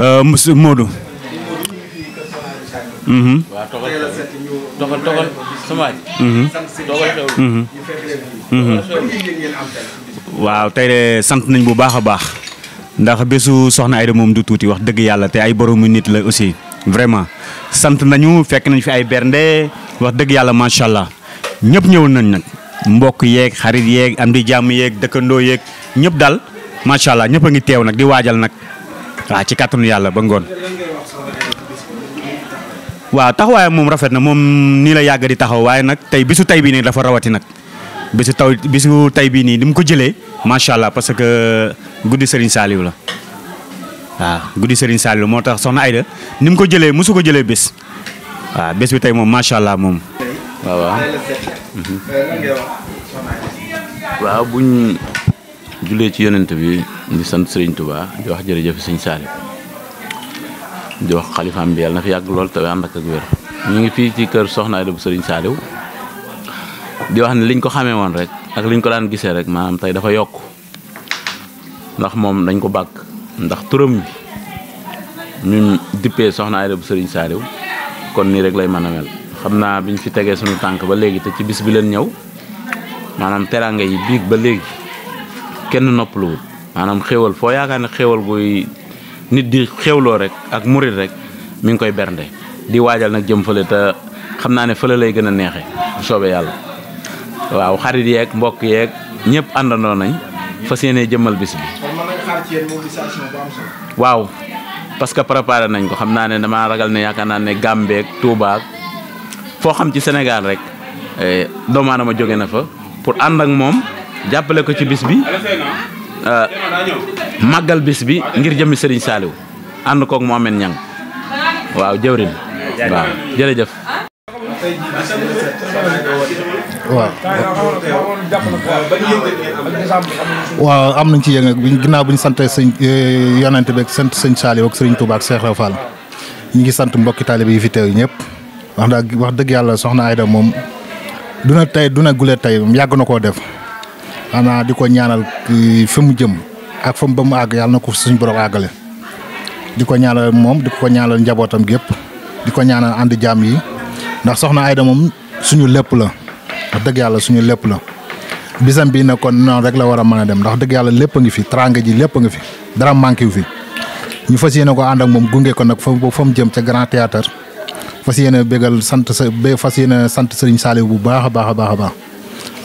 Euh, monsieur Modou. Mm-hmm. Mm-hmm. waaw toogal toogal toogal tey de sant nañ bu baax a baax ndax bésu soxna Aida moom du tuuti wax dëgg yàlla te ay boroomu nit la aussi vraiment sant nañu fekk nañ fi ay bernde wax dëgg yàlla macha allah ñëpp ñëwoon nañ nag mbokk yeeg xarit yeeg am di jàmm yeeg dëkkandoo yeeg ñëpp daal macha allah ñëpp ngi teew nag di waajal nag. wa ah, ci katunu yalla ba ngone wa taxawaay mom rafet na moom nii la yag di taxaw waaye nak tay bisu tay bi ni dafa rawati nak bisu taw bisu tay bi ni mu ko jele machallah parce que goudi Serigne saliw la wa goudi Serigne saliw motax soxna Aida ko jele musu ko jele bés wa bés bi tay mom machallah mom wa wa wa buñ julé ci yonent bi di sant serigne Touba di wax jeuf serigne Saali di wax khalifa bi yàlla na fi yàgg lool te ànd ak ak ñi ngi fi ci kër Soxna ay bu serigne di wax ni liñ ko xamé won rek ak liñ ko daan gisé rek manam tay dafa yok ndax mom dañ ko bak ndax turum bi ñu dippé Soxna ay bu serigne Saaliw kon ni rek lay mëna mel xamna biñ fi tegee suñu tank ba légui te ci bis bi leen ñew manam teraanga yi big ba légui kenn noppaluwut maanaam xéwal foo yaakaar na xéwal guy nit di xéewloo rek ak murit rek mi ngi koy bernde di waajal nag jëm fële te xam naa ne fële lay gën a neexe bu soobee yàlla waaw xarit yeeg mbokk yeek ñëpp àndandoo nañ fas yéene jëmmal bis bi waaw parce que préparé nañ ko xam naa ne dama ragal ne yaakaar naa ne Gàmbeek Tuuba foo xam ci Sénégal rek eh, doomu aadama jóge na fa pour ànd moom jappale ko ci bis bi euh, magal bis bi ngir jëmmi Serigne Saliou ànd koog Mohamed Niang waaw jëwrin waaw jere jeuf waaw am nañ ci yeng ak ginnaaw bi ñu sant sëñ eh, yonent bi ak sant sëñ ak Serigne Touba ak Cheikh rafal ñi ngi sante mbokki taalibe yi wax da wax deug yalla soxna Ayda mom duna tay duna gule tey yag na def xanaa di ko ñaanal fi mu jëm ak fa mu ba mu àgg yàlla na borom àggale di ko ñaanal moom di ko ñaanal njabootam gépp di ko ñaanal ànd jaam yi ndax soxna Ayda moom suñu lépp la wax dëgg yàlla suñu la bisam bii nag kon noonu rek la war a dem ndax dëgg yàlla lépp a ngi fi tranga ji lépp a ngi fi dara manqué fi ñu fas ko ànd ak moom gunge ko nag fa fa mu jëm ca grand théâtre sant sa fas sant Serigne Saliou bu baax a baax a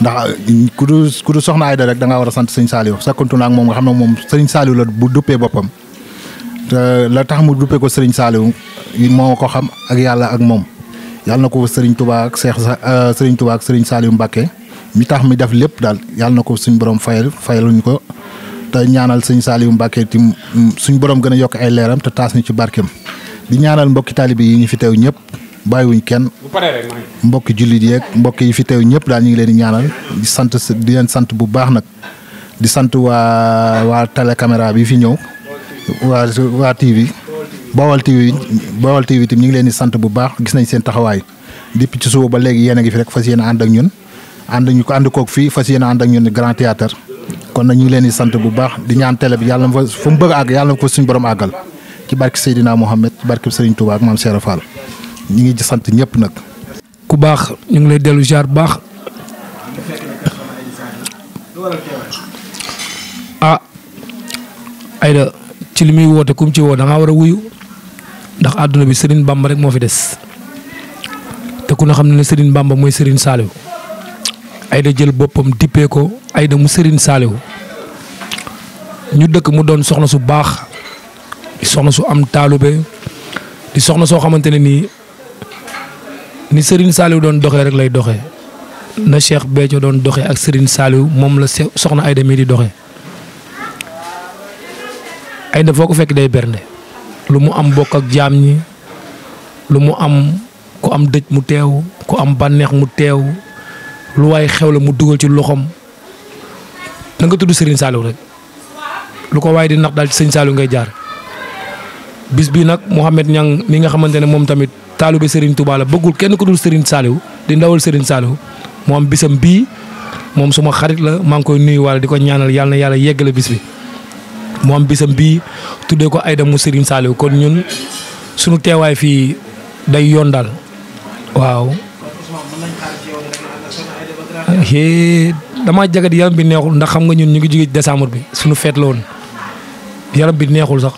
ndax ku du ku du soxna Aida rek da war a sant sëñ Saliou sakkantu naa ak moom nga xam ne moom sëriñ Saliou la bu duppee boppam te la tax mu duppee ko sëriñ Saliou moo ko xam ak yàlla ak moom yàlla na ko sëriñ Touba ak Cheikh sëriñ euh, Touba ak sëriñ Saliou Mbacké mi tax mi def lépp daal yàlla na ko suñ borom fayal fayaluñ ko te ñaanal sëñ Saliou Mbacké tim suñ borom gën a yokk ay leeram te taas ñu ci barkeem di ñaanal mbokki taalibe yi ñu fi teew ñëpp. bàyyiwuñ kenn mbokki jullit yeeg mbokk yi fi teew ñëpp daal ñu ngi leen di ñaanal di sant di leen sant bu baax nag di sant waa waa télécaméra bi fi ñëw waa waa TV Bawal TV Bawal TV tam ñu ngi leen di sant bu baax gis nañ seen taxawaay di ci suba ba léegi yéen a ngi fi rek fas yéen ànd ak ñun ànd ñu ko ànd koog fii fas yéen ànd ak ñun Grand Théâtre kon nag ñu ngi leen di sant bu baax di ñaan télé bi yàlla na fa fu mu bëgg a yàlla na fa suñu borom àggal ci barke Seydina Mohamed ci barke Serigne Touba ak maam ñi ngi ci sant ñëpp nak ku bax ñu ngi lay delu jaar bax ah Aida ci limi wote kum ci wo da nga wara wuyu ndax aduna bi Serigne Bamba rek mo fi dess te ku na xamne ni Serigne Bamba moy Serigne Aida jël bopam dipé ko Aida mu Serigne salew ñu dëkk mu doon soxna su bax soxna su am talube di soxna so xamanteni ni ni Serigne saliw don doxé rek lay doxé na Cheikh Béthio don doxé ak Serigne saliw mom la soxna ay mii di doxé ay foo foko fekk day bernde lu mu am bokak ak jam ñi lu mu am ku am dëj mu tew ku am banex mu tew lu way xew la mu duggal ci loxom da nga tuddu Serigne saliw rek lu ko way di nax dal ci Serigne saliw ngay jaar bis mom nak mohammed mi nga xamantene mom tamit taalibe Serigne Touba la bëggul kenn ku dul Serigne Saliou di ndawal Serigne Saliou mu am bisam bi mom suma xarit la maa ngi koy nuyu di diko ñaanal yàlla yalla yeggal bis bi. mu am bisam bi tuddee ko ayda mu Serigne Saliou kon ñun sunu teewaay fi day yondal daal waaw. dama jagat yalla bi neexul ndax xam nga ñun ñu ngi jigi décembre bi suñu feet la yalla bi neexul sax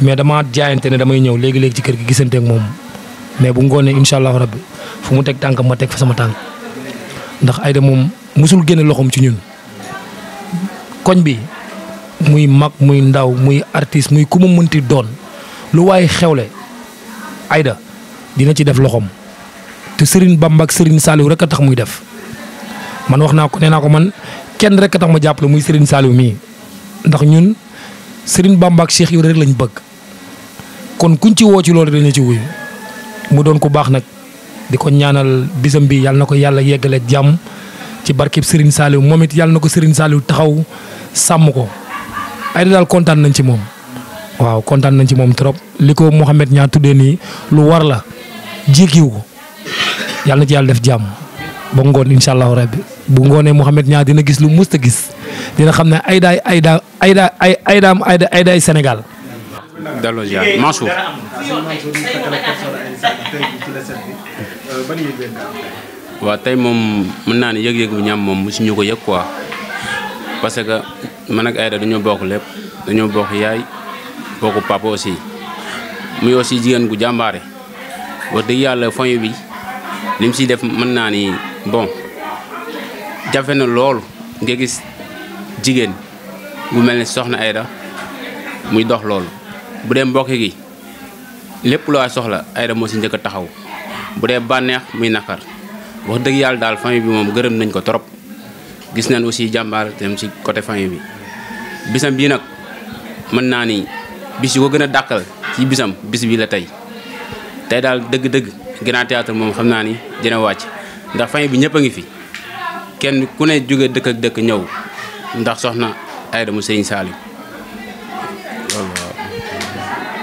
mais dama jaayante ne damay ñew Legi legi ci kër gi gisante ak mom mais bu ngoonee incha allahu rab fu mu teg tànkam ma teg fa sama tànk ndax Aida moom musul génne loxoom ci ñun koñ bi muy mag muy ndaw muy artis muy ku ma mënti doon lu waaye xewle ayda dina ci def loxoom te Serigne Bamba sëriñ Serigne Saliou rek a tax muy def man wax naa ko nee naa ko man kenn rekk a tax ma jàppale muy Serigne Saliou mii ndax ñun Serigne Bamba ak Cheikh yi rek lañu bëgg kon kuñ ci woo ci loolu dañu ci wuyu. mu doon ku bax nak di ñaanal bisam bi yalla nako yalla yàlla yeggale jam ci barkib Serigne Saliou momit yalla nako Serigne Saliou taxaw sam ko ay dal kontan nañ ci mom waaw kontaan nañ ci mom trop liko mohammed Mouhamed ñaa ni lu war la jékkiw ko yalla ci yalla def jam bo ngone inshallah rabbi bu ngone mohammed ñaa dina gis lu musta gis dina xam ay daay ay daa ay daa ay delloo ziar e eh, tey moom mën naa ne yëg-yëg bu ñam moom mosuñu ko yëg ko parce que man ak Aïda dañoo bokk lépp dañoo bokk yaay bokk papa aussi muy aussi jigéen gu jàmbaare wax dëgg yàlla famille bi li mu def mën naa ni bon jafe na lool nga gis jigéen gu mel ne soxna Aïda muy dox loolu. bu mbok mbokk gi lépp loo soxla ay da mo ci a taxaw bu dee bànneex muy naqar wax deug yàlla dal famille bi mom gërëm nañ ko torop gis nañ aussi jambar tam ci côté famille bi bisam bi nak man naa ni bis yi ko gën ci bisam bis bi la tay tay dal deug deug gëna Théâtre mom xamna ni dina wacc ndax famille bi ñëpp ngi fi kenn ku ne jóge dëkk ak dëkk ñëw ndax soxna mo salim Allah.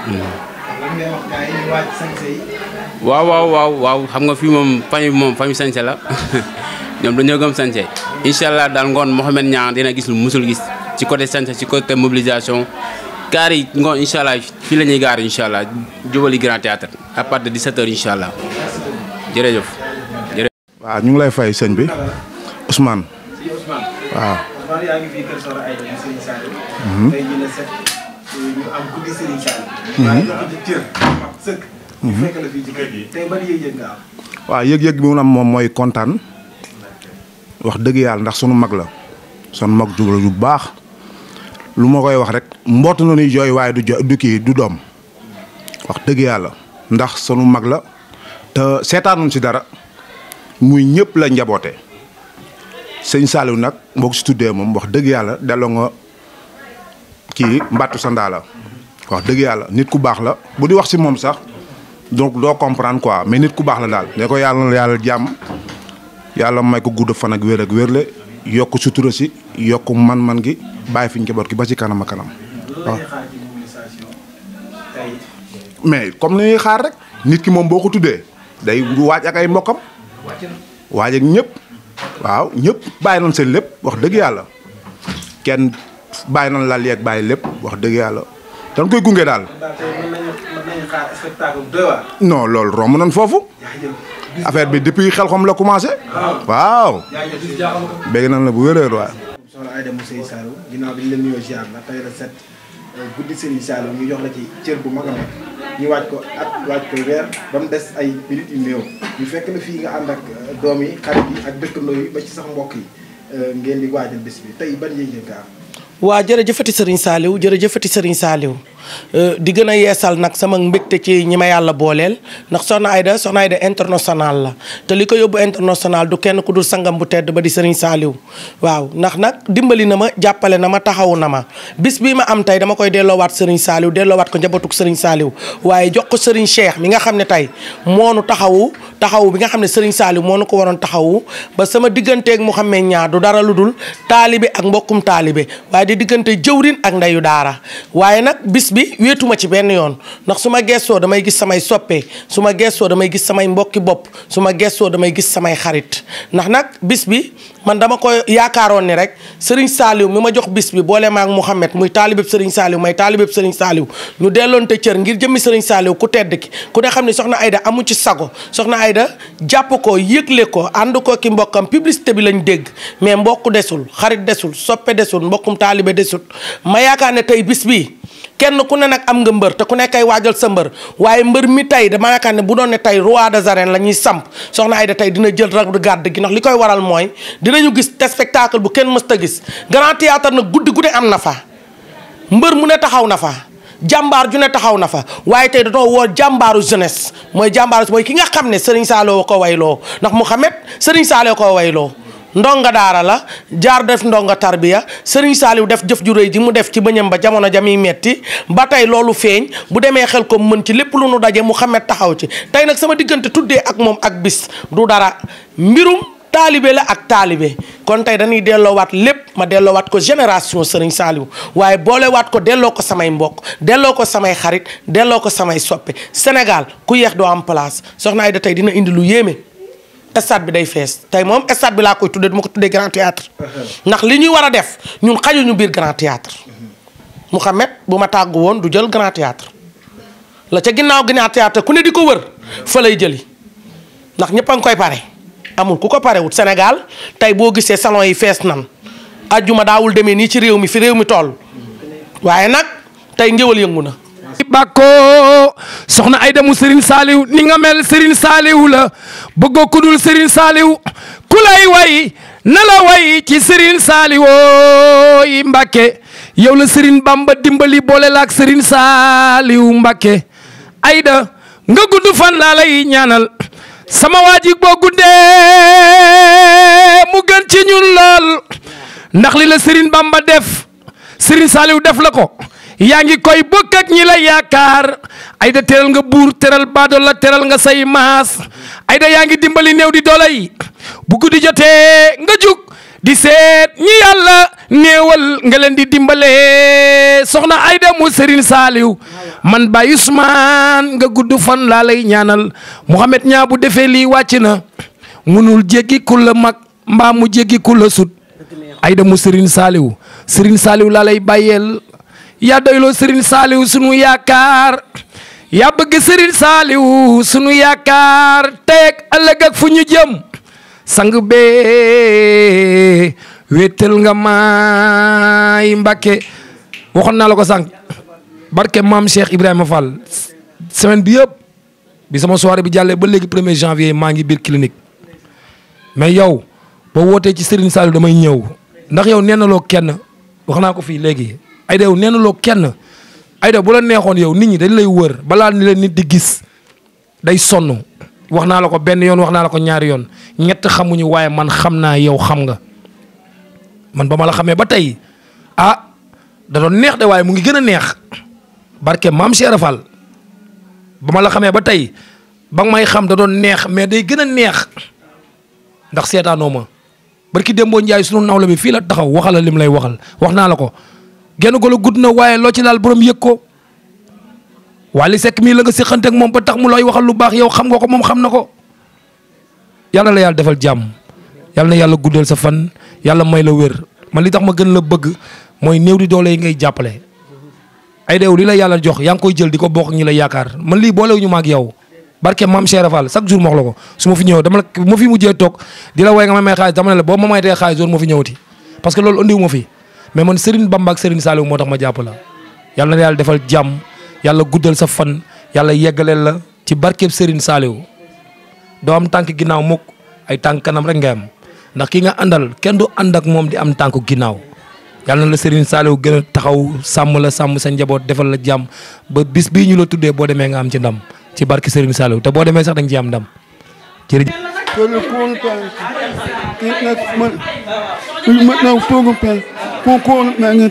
waaw waaw waaw waaw xam nga fii moom famille moom famille sañse la ñoom dañoo gëm sañse incha allah daal ngoon Mouhamed Niang dina gis lu musul gis ci côté sañse ci côté mobilisation gaar yi ngoon incha allah fii la ñuy gaar incha allah jubali grand théâtre à partir de 17 heures incha allah jërëjëf. waaw ñu ngi lay fay sëñ bi Ousmane. waaw. ñu mhm. waaye dafa mhm. yëg-yëg nga mu am moom mooy kontaan wax dëgg yàlla ndax sunu mag la sunu mag jublu yu baax lu ma koy wax rek mbootu na nuy jooy waaye du jo du kii du doom wax dëgg yàlla ndax sunu mag la te seetaanuñ ci dara muy ñëpp la njaboote sëñ Saliou nag boo ci tuddee moom wax dëgg yàlla delloo nga kii Mbattu Sanda la wax dëgg yàlla nit ku baax la bu di wax si moom sax donc doo comprendre quoi mais nit ku baax la daal. ne ko yàlla na yàlla jàmm yàlla may ko gudd fan ak wér ak wérle yokk sutura si yokk man-man gi bàyyi fi ñu njaboot gi ba si kanam a kanam mais comme li ñuy xaar rek nit ki moom boo ko tuddee day waaj ak ay mbokkam waaj ak ñëpp waaw ñëpp bàyyi nañ seen lépp wax dëgg yàlla kenn bàyyi nan laal yeeg bàyyi lépp wax dëgg yàlla dañ koy gunge daal. non lool romb nañ foofu. affaire bi depuis xel xom la commencé. waaw. bëgg na la bu wér-wér waaye. soxna Aïda Mousseye Saliou ginnaaw bi ñu la nuyoo ziar la tey la set euh, guddi Serigne Saliou ñu jox la ci cër bu mag a mag ñu waaj ko at waaj ko weer ba mu des ay minutes yu néew ñu fekk la fii nga ànd ak euh, doom yi xarit yi ak dëkkandoo yi ba ci sax mbokk yi euh, ngeen di waajal bés bi tey ban yëngu-yëngu waa jërëjëfati Serigne Saliou jërëjëfati Serigne Saliou Euh, di gën a yeesal nag sama mbégte ci ñi ma yàlla booleel ndax soxna Aida soxna Aida international la te li ko yóbbu international du kenn ku dul sangam bu tedd ba di Serigne saaliw waaw ndax nag dimbali na ma jàppale na ma taxawu na ma bis ma am tey dama koy delloowaat Serigne Saliou delloowaat ko njabootug Serigne Saliou waaye jox ko Serigne Cheikh mi nga xam ne tey nu taxawu taxawu bi nga xam ne Serigne moo nu ko waroon taxawu ba sama digganteeg mu xamee ñaar du dara lu dul taalibe ak mbokkum taalibe waaye di diggante jëwrin ak ndeyu daara waaye nag bis gis bi wéetuma ci benn yoon ndax su ma gestoo damay gis samay soppe su ma gestoo damay gis samay mbokki bopp su ma gestoo damay gis samay xarit ndax nag bis bi man dama koy yaakaaroon ni rek Serigne Saliou mi ma jox bis bi boole maak Mouhamed muy taalibeb Serigne Saliou may taalibeb Serigne Saliou ñu delloon te cër ngir jëmmi Serigne Saliou ku tedd ki ku ne xam ne soxna Aida amu ci sago soxna Aida jàpp ko yëgle ko ànd ko ki mbokkam publicité bi lañ dégg mais mbokk desul xarit desul soppe desul mbokkum taalibe desul ma yaakaar ne tey bis bi kenn ku ne nag am nga mbër te ku ne kay waajal sa mbër waaye mbër mi tey dama ne bu doon ne tey roi des la ñuy samp soxna Aida tey dina jël rek gàdd gi ndax li koy waral mooy dinañu gis spectacle bu kenn mës ta gis grand théâtre nag guddi guddi am na fa mbër mu ne taxaw na fa jàmbaar ju ne taxaw na fa waaye tey dañoo woo jàmbaaru jeunesse mooy jàmbaaru mooy ki nga xam ne Serigne saaloo ko wayloo ndax Mouhamed Serigne Saliou ko wayloo ndonga daara la jaar def ndonga tarbiya Serigne Saliou def jëf ju rëy ji mu def ci bëñam ba jamono jamiy metti ba tey loolu feeñ bu demee xel ko mën ci lépp lu nu daje Mouhamed taxaw ci tey nag sama diggante tuddee ak moom ak bis dara taalibe la ak taalibe kon tey dañuy delloowaat lépp ma delloowaat ko génération Serigne Saliou waaye boolewaat ko delloo ko samay mbokk delloo ko samay xarit delloo ko samay soppe Sénégal ku yeex doo am place soxna Aida tey dina indi lu yéeme stade bi day fees tey moom stade bi laa koy tuddee duma ko tuddee grand théâtre ndax li ñuy war a def ñun xajuñu biir grand théâtre Mouhamed bu ma tàggu woon du jël grand théâtre la ca ginnaaw grand ku ne di ko wër fa lay jëli ndax ñëpp a ngi koy pare amul ku ko parewut senegal tey boo gisee salon yi fees nan ajjuma daawul demee nii ci réew mi fi réew mi toll waaye nag tey ngéwal yëngu na bàkkoo soxna Ayda mu Serigne Saliou ni nga mel Serigne Saliou la bëggoo ku dul Serigne Saliou ku lay way na la way ci Serigne Saliou yi Mbàkke yow la Serigne Bamba dimbali boole la ak Serigne Saliou Mbàkke Ayda nga gudd fan laa lay ñaanal sama wajib ji boo mu gën ci ñun lool ndax li la Serigne Bamba def Serigne saliw def la ko yaa koy bokk ak ñi la ay da teral nga buur teral baado la teral nga say maas ay da yaangi dimbali néew di dolay bu guddi jotté nga juk di seet ñi yalla neewal nga leen di dimbalé soxna Ayda mu Serigne Saliou man Baye Ousmane nga gudd fan laa lay ñaanal Mouhamed ñaa bu defee lii wàcc na munul jéggi ku la mag mbaa mu jéggi la sut Ayda mu Serigne Saliou Serigne Saliou laa lay bàyyeel yaa doyloo Serigne Saliou sunu yaakaar yaa bëgg Serigne Saliou sunu yaakaar tey ak ëllëg fu ñu jëm sang bee wéetal nga maay Mbàkke waxoon naa la ko sànq barke maam Cheikh Ibrahima Fall semaine bi yëpp bi sama soirée bi jàllee ba léegi premier janvier maa ngi biir clinique mais yow boo wootee ci Serigne Saliou damay ñëw ndax yow neenaloo kenn wax naa ko fii léegi ay da yow neenaloo kenn ay da bu la neexoon yow nit ñi dañ lay wër balaa ni leen nit di gis day sonn wax naa la ko benn yoon wax naa la ko ñaari yoon ñett xamuñu waaye man xam naa yow xam nga man ba ma la xamee ba tey ah da doon neex de waaye mu ngi gën a neex barke maam Cheikh Fall ba ma la xamee ba tey ba may xam da doon neex mais day gën a neex ndax seetaanoo ma barki Demba Ndiaye sunu nawla bi fii la taxaw waxala lim lay waxal wax naa la ko. genn golo gudd na waaye loo ci laal borom yëg ko Wally sekk mii la nga séqante moom ba tax mu lay waxal lu baax yow xam nga ko moom xam na ko yàlla la yàlla defal jàmm yàlla na yàlla guddal sa fan yàlla may la wér man li tax ma gën la bëgg. moy new di dole ngay jàppale ay rew li la yàlla jox yang koy jël di ko bokk ñi la yaakaar man lii boolewuñu ñu mak yow barke mam Cheikh rafal chaque jour ma lako suma fi ñew dama la fi mujjé tok di la nga may may dama la bo ma maytee xaalis jour mo fi ñewuti parce que andi wu ma fi mais man Serigne Bamba ak Serigne Saliou motax ma jàpp la na yalla defal jam yalla guddal sa fan yalla yeggaleel la ci barkeeb Serigne Saliou do am tank ginaaw mukk ay tank kanam rek ngam ndax ki nga andal kendo andak mom di am tanku ginau yàlla na la Serigne Saliou gën samula taxaw sàmm la sàmm jam, njaboot defal la jàmm ba bis bii ñu la tuddee boo demee nga am ci ndam ci barki Serigne sax ci am ndam